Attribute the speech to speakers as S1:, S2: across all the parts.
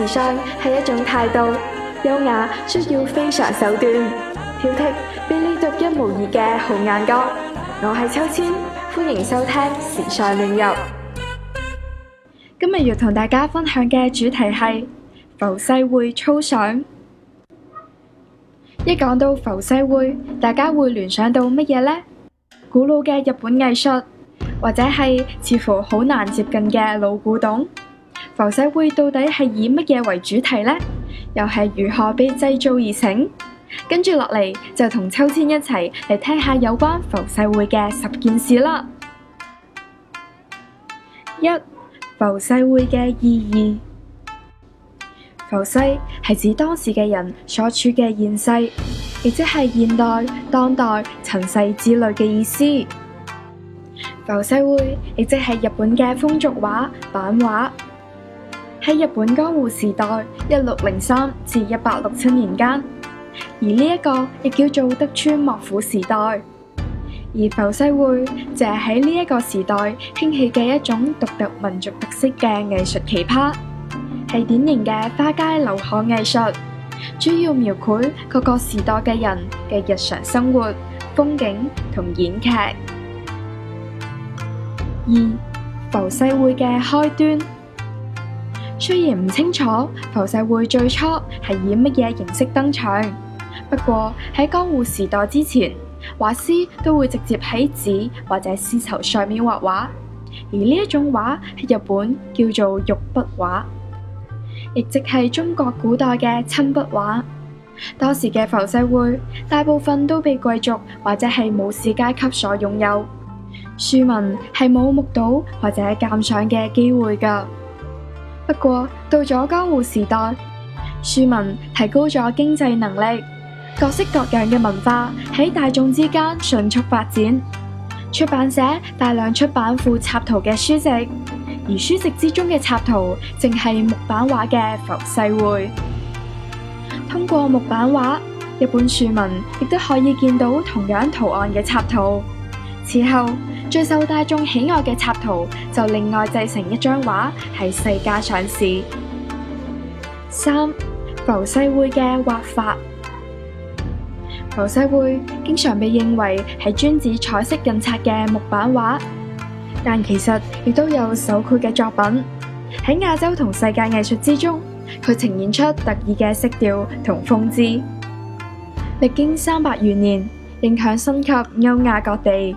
S1: 時尚係一種態度，優雅需要非常手段，挑剔，俾你獨一無二嘅好眼光。我係秋千，歡迎收聽時尚亂入。今日要同大家分享嘅主題係浮世繪粗賞。一講到浮世繪，大家會聯想到乜嘢呢？古老嘅日本藝術，或者係似乎好難接近嘅老古董。浮世繪到底係以乜嘢為主題呢？又係如何被製造而成？跟住落嚟就同秋千一齊嚟聽下有關浮世繪嘅十件事啦。一、浮世繪嘅意義。浮世係指當時嘅人所處嘅現世，亦即係現代、當代、塵世之類嘅意思。浮世繪亦即係日本嘅風俗畫、版畫。喺日本江戶時代（一六零三至一八六七年間），而呢一個亦叫做德川幕府時代。而浮世繪就係喺呢一個時代興起嘅一種獨特民族特色嘅藝術奇葩，係典型嘅花街柳巷藝術，主要描繪各個時代嘅人嘅日常生活、風景同演劇。二、浮世繪嘅開端。雖然唔清楚浮世繪最初係以乜嘢形式登場，不過喺江戶時代之前，畫師都會直接喺紙或者絲綢上面畫畫，而呢種畫喺日本叫做肉筆畫，亦即係中國古代嘅親筆畫。當時嘅浮世繪大部分都被貴族或者係武士階級所擁有，庶民係冇目睹或者鑒賞嘅機會噶。不過到咗交戶江戶時代，庶民提高咗經濟能力，各式各樣嘅文化喺大眾之間迅速發展。出版社大量出版附插圖嘅書籍，而書籍之中嘅插圖正係木版畫嘅浮世繪。通過木版畫，日本庶民亦都可以見到同樣圖案嘅插圖。此後最受大眾喜愛嘅插圖就另外製成一張畫喺世界上市。三、浮世繪嘅畫法，浮世繪經常被認為係專指彩色印刷嘅木版畫，但其實亦都有手繪嘅作品喺亞洲同世界藝術之中，佢呈現出特異嘅色調同風姿。歷經三百餘年，影響深及歐亞各地。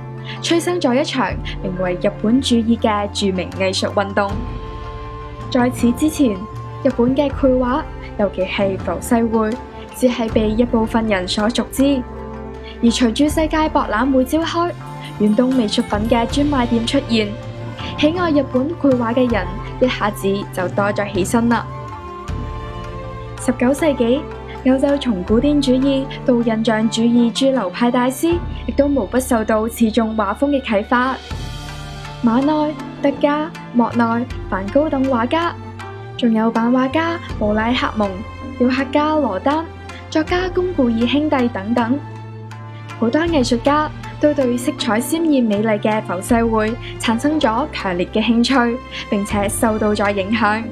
S1: 催生咗一場名為日本主義嘅著名藝術運動。在此之前，日本嘅繪畫，尤其係浮世繪，只係被一部分人所熟知。而隨住世界博覽會召開，遠東美術品嘅專賣店出現，喜愛日本繪畫嘅人一下子就多咗起身啦。十九世紀，歐洲從古典主義到印象主義諸流派大師。亦都無不受到此種畫風嘅啟發，馬奈、德加、莫奈、梵高等畫家，仲有版畫家布拉克蒙、雕刻家羅丹、作家龔古爾兄弟等等，好多藝術家都對色彩鮮艷美麗嘅浮世繪產生咗強烈嘅興趣，並且受到咗影響。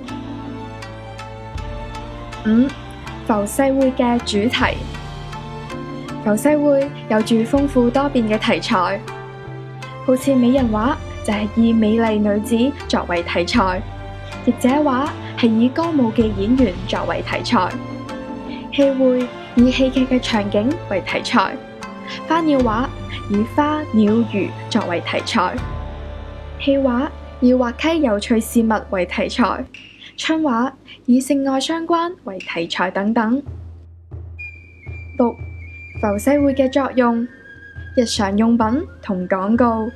S1: 五，浮世繪嘅主題。浮世繪有住豐富多變嘅題材，好似美人畫就係以美麗女子作為題材，役者繪係以歌舞嘅演員作為題材，戲繪以戲劇嘅場景為題材，花鳥畫以花鳥魚作為題材，戲畫以滑稽有趣事物為題材，春畫以性愛相關為題材等等。讀。浮世繪嘅作用、日常用品同廣告。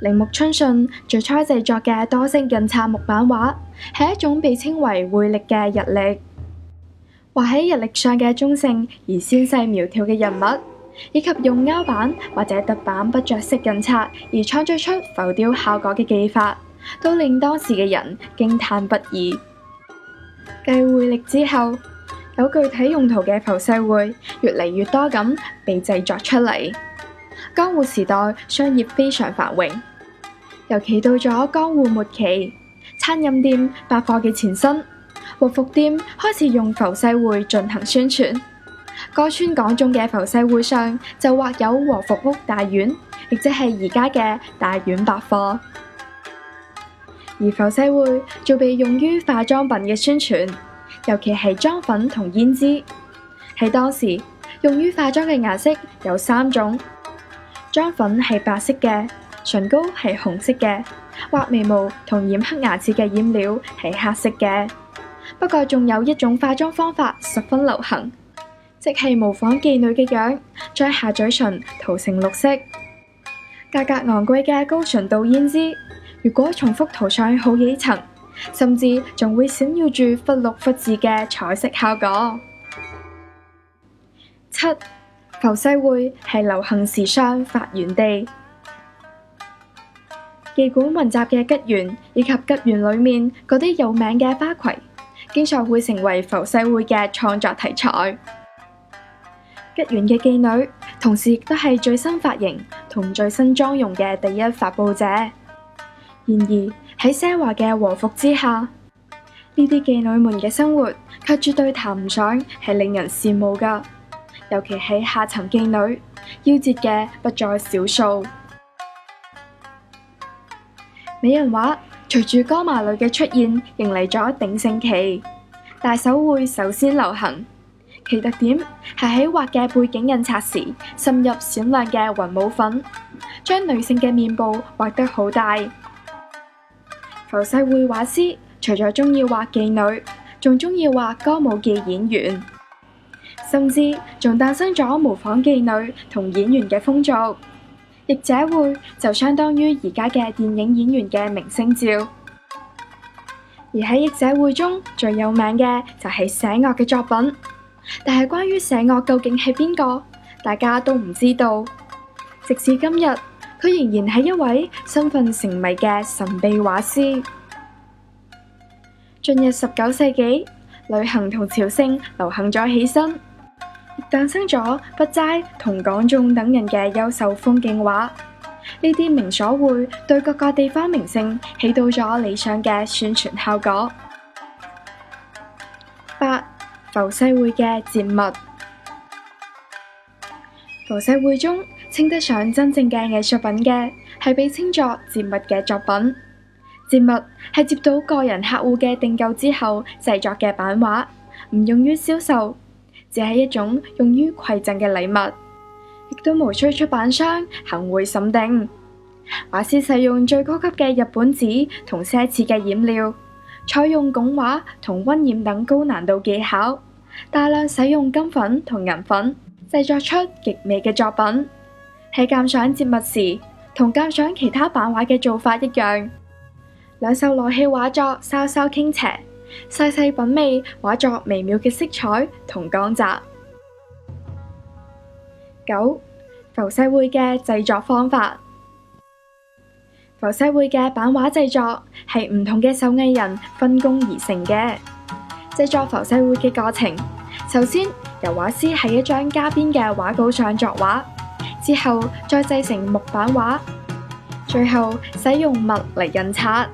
S1: 鈴木春信最初製作嘅多色印刷木版畫，係一種被稱為繪力嘅日曆。畫喺日曆上嘅中性而纖細苗條嘅人物，以及用凹版或者凸版不着色印刷而創作出浮雕效果嘅技法，都令當時嘅人驚嘆不已。繼繪力之後。有具體用途嘅浮世繪越嚟越多咁被製作出嚟。江戶時代商業非常繁榮，尤其到咗江戶末期，餐飲店、百貨嘅前身和服店開始用浮世繪進行宣傳。歌川廣重嘅浮世繪上就畫有和服屋大丸，亦即係而家嘅大丸百貨。而浮世繪就被用於化妝品嘅宣傳。尤其係妝粉同胭脂。喺當時用於化妝嘅顏色有三種，妝粉係白色嘅，唇膏係紅色嘅，畫眉毛同染黑牙齒嘅染料係黑色嘅。不過仲有一種化妝方法十分流行，即係模仿妓女嘅樣，將下嘴唇塗成綠色。價格昂貴嘅高純度胭脂，如果重複塗上好幾層。甚至仲會閃耀住忽綠忽紫嘅彩色效果。七，浮世繪係流行時尚發源地，妓館雲集嘅吉原以及吉原裏面嗰啲有名嘅花魁，經常會成為浮世繪嘅創作題材。吉原嘅妓女，同時亦都係最新髮型同最新妝容嘅第一發布者。然而喺奢華嘅和服之下，呢啲妓女們嘅生活卻絕對談唔上係令人羨慕噶。尤其係下層妓女，夭折嘅不在少數。美人畫隨住歌麿嘅出現，迎嚟咗鼎盛期。大首繪首先流行，其特點係喺畫嘅背景印刷時滲入閃亮嘅雲母粉，將女性嘅面部畫得好大。浮世繪畫師除咗鍾意畫妓女，仲鍾意畫歌舞伎演員，甚至仲誕生咗模仿妓女同演員嘅風俗。役者繪就相當於而家嘅電影演員嘅明星照。而喺役者繪中最有名嘅就係寫樂嘅作品，但係關於寫樂究竟係邊個，大家都唔知道，直至今日。佢仍然係一位身份成迷嘅神秘畫師。進入十九世紀，旅行同朝聖流行咗起身，亦誕生咗畢齋北齋同廣重等人嘅優秀風景畫。呢啲名所繪對各個地方名勝起到咗理想嘅宣傳效果。八浮世繪嘅節目，浮世繪中。稱得上真正嘅藝術品嘅係被稱作節物嘅作品。節物係接到個人客戶嘅訂購之後製作嘅版畫，唔用於銷售，只係一種用於饋贈嘅禮物，亦都無需出版商行會審定。畫師使用最高級嘅日本紙同奢侈嘅染料，採用拱畫同温染等高難度技巧，大量使用金粉同銀粉，製作出極美嘅作品。喺鑒賞節物時，同鑒賞其他版畫嘅做法一樣，兩手攞起畫作，稍稍傾斜，細細品味畫作微妙嘅色彩同光澤。九浮世繪嘅製作方法，浮世繪嘅版畫製作係唔同嘅手藝人分工而成嘅。製作浮世繪嘅過程，首先，由畫師喺一張加邊嘅畫稿上作畫。之後再製成木版畫，最後使用墨嚟印刷，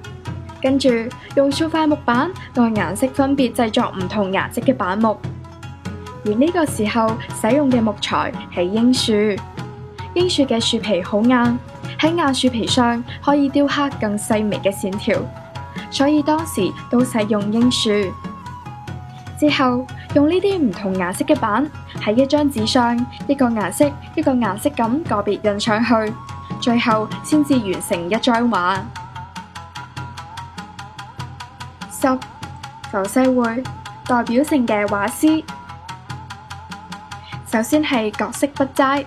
S1: 跟住用數塊木板，按顏色分別製作唔同顏色嘅版木。而呢個時候使用嘅木材係櫻樹，櫻樹嘅樹皮好硬，喺硬樹皮上可以雕刻更細微嘅線條，所以當時都使用櫻樹之後。用呢啲唔同顏色嘅板喺一張紙上，一個顏色，一個顏色咁個別印上去，最後先至完成一張畫。十、浮世繪代表性嘅畫師，首先係葛飾北齋，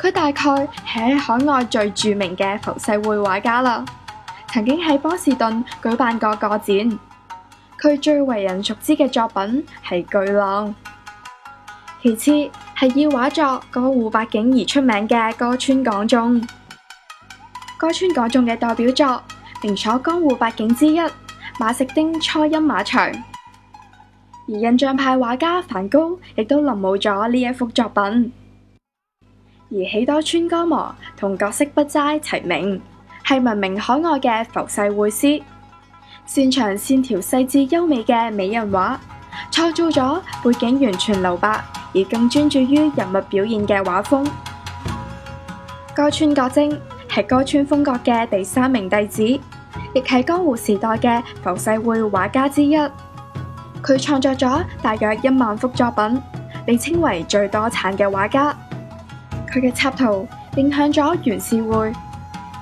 S1: 佢大概喺海外最著名嘅浮世繪畫家啦，曾經喺波士頓舉辦過個展。佢最為人熟知嘅作品係《巨浪》，其次係以畫作《江戶百景》而出名嘅歌川廣重。歌川廣重嘅代表作，名所《江戶百景》之一《馬食町初音馬場》，而印象派畫家梵高亦都臨摹咗呢一幅作品。而喜多川歌麿同葛飾北齋齊名，係聞名海外嘅浮世繪師。擅長線條細緻優美嘅美人畫，創造咗背景完全留白而更專注於人物表現嘅畫風。歌川國精係歌川風格嘅第三名弟子，亦係江戶時代嘅浮世繪畫家之一。佢創作咗大約一萬幅作品，被稱為最多產嘅畫家。佢嘅插圖影響咗源氏繪，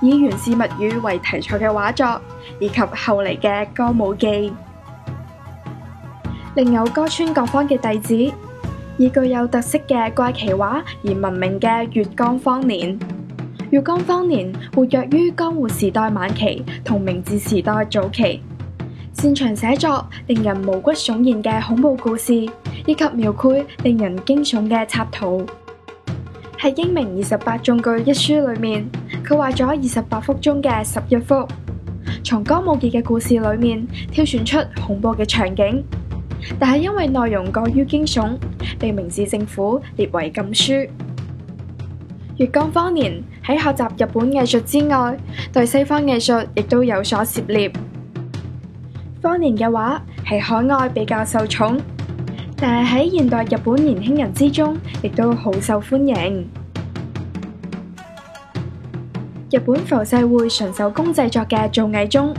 S1: 以源氏物語為題材嘅畫作。以及後來嘅歌舞伎，另有歌川國芳嘅弟子，以具有特色嘅怪奇畫而聞名嘅月岡芳年。月岡芳年活躍於江戶時代晚期同明治時代早期，擅長寫作令人毛骨悚然嘅恐怖故事，以及描繪令人驚悚嘅插圖。喺《英名二十八衆句》一書裏面，佢畫咗二十八幅中嘅十一幅。從江戶傑嘅故事裏面挑選出恐怖嘅場景，但係因為內容過於驚悚，被明治政府列為禁書。月岡芳年喺學習日本藝術之外，對西方藝術亦都有所涉獵。芳年嘅畫係海外比較受寵，但係喺現代日本年輕人之中，亦都好受歡迎。日本浮世繪純手工製作嘅造藝中，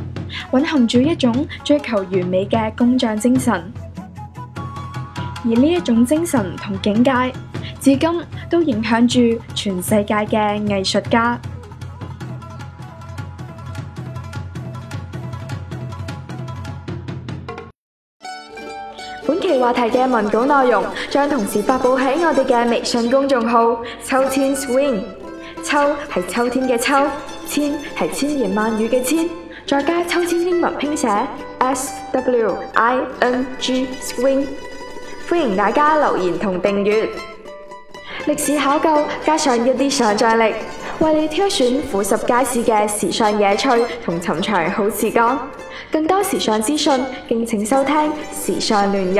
S1: 蘊含住一種追求完美嘅工匠精神，而呢一種精神同境界，至今都影響住全世界嘅藝術家。本期話題嘅文稿內容將同時發佈喺我哋嘅微信公眾號“秋千 swing”。秋係秋天嘅秋，千係千言萬語嘅千。再加秋千英文拼寫，swing swing。歡迎大家留言同訂閱。歷史考究加上一啲想象力，為你挑選浮世街市嘅時尚野趣同尋常好時光，更多時尚資訊敬請收聽《時尚亂入》。